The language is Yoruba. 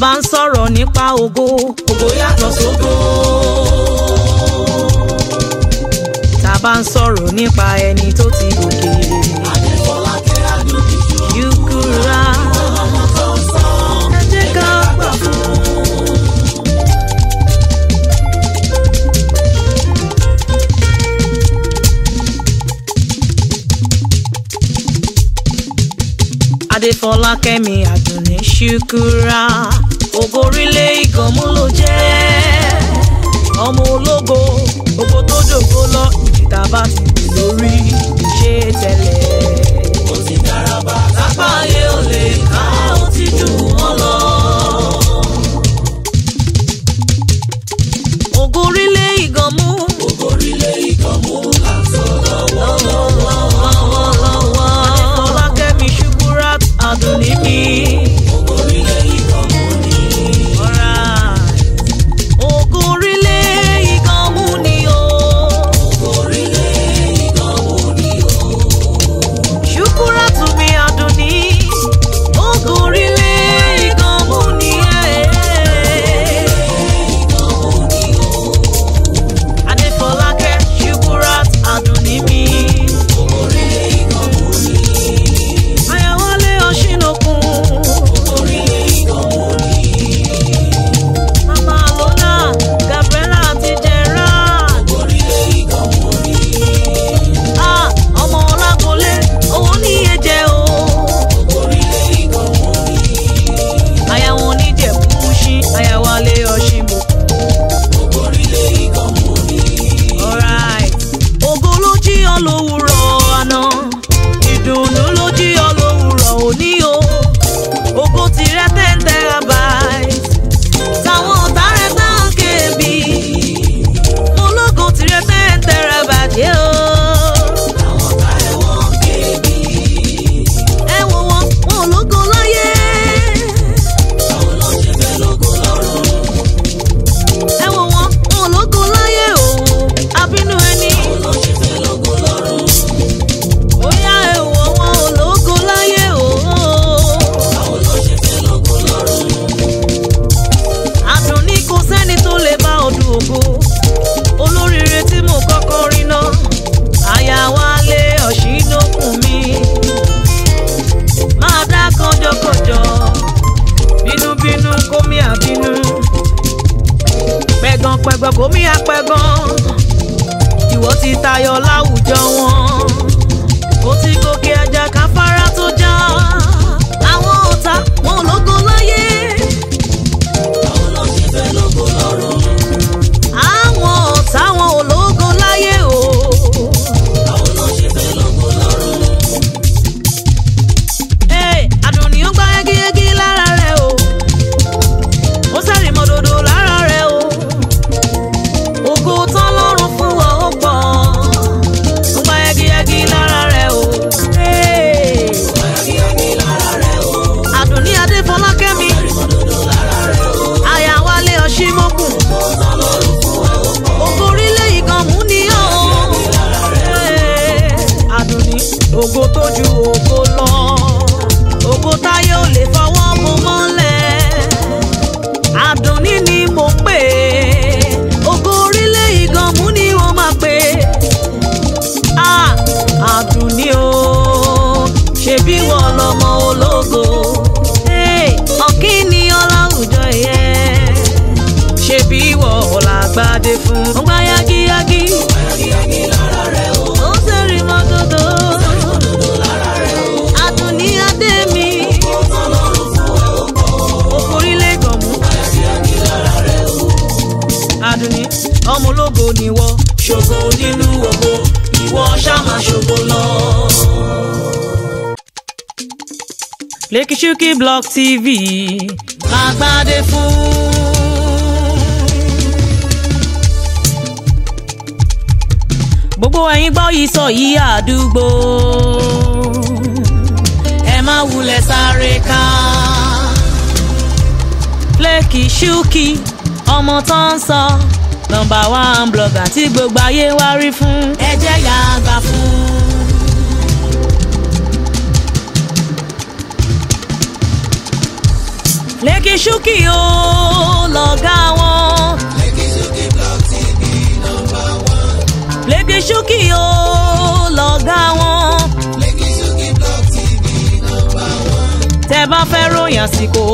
bá ń sọ̀rọ̀ nípa ògo. ògo yàtọ̀ sógo. tá a bá ń sọ̀rọ̀ nípa ẹni tó ti gòkè. adéfọlákẹ́ adókìkí ọ̀hún. yukura ògo orílẹ̀ ìgànmú ló jẹ́. lọ́mọ ológo. ọ̀kín ni ọláwùjọ yẹ. ṣé bí ìwọ ọ̀la gbàdé fún. ó gbá yagiyagi. ó gbá yagiyagi lára rẹ̀ o. ó sẹ́rìí mọ́tòtò. ó sẹ́rìí mọ́tòtò lára rẹ̀ o. àtúní ọmọ ológo ni wọ́. ṣògo nínú ògo ìwọ ṣá ṣògo lọ. Lẹ́kì Ṣúkì Block TV. Àgbàdé fún. gbogbo ẹ̀yin gbọ́ yìí sọ yìí àdúgbò ẹ má wulẹ̀ sáré ká. Lẹ́kì Ṣúkì ọmọ tó ń sọ nọ́mbà one blogger tí gbogbo ayé wá rí fún. ẹ jẹ́ yàgbà fún un. Lekki Suki o lọ̀gá wọn. Lekki Suki TV nọ́mbà one. Lekki Suki o lọ̀gá wọn. Lekki Suki Blog TV nọ́mbà one. tẹ́ bá fẹ́ ròyìn àsìkò.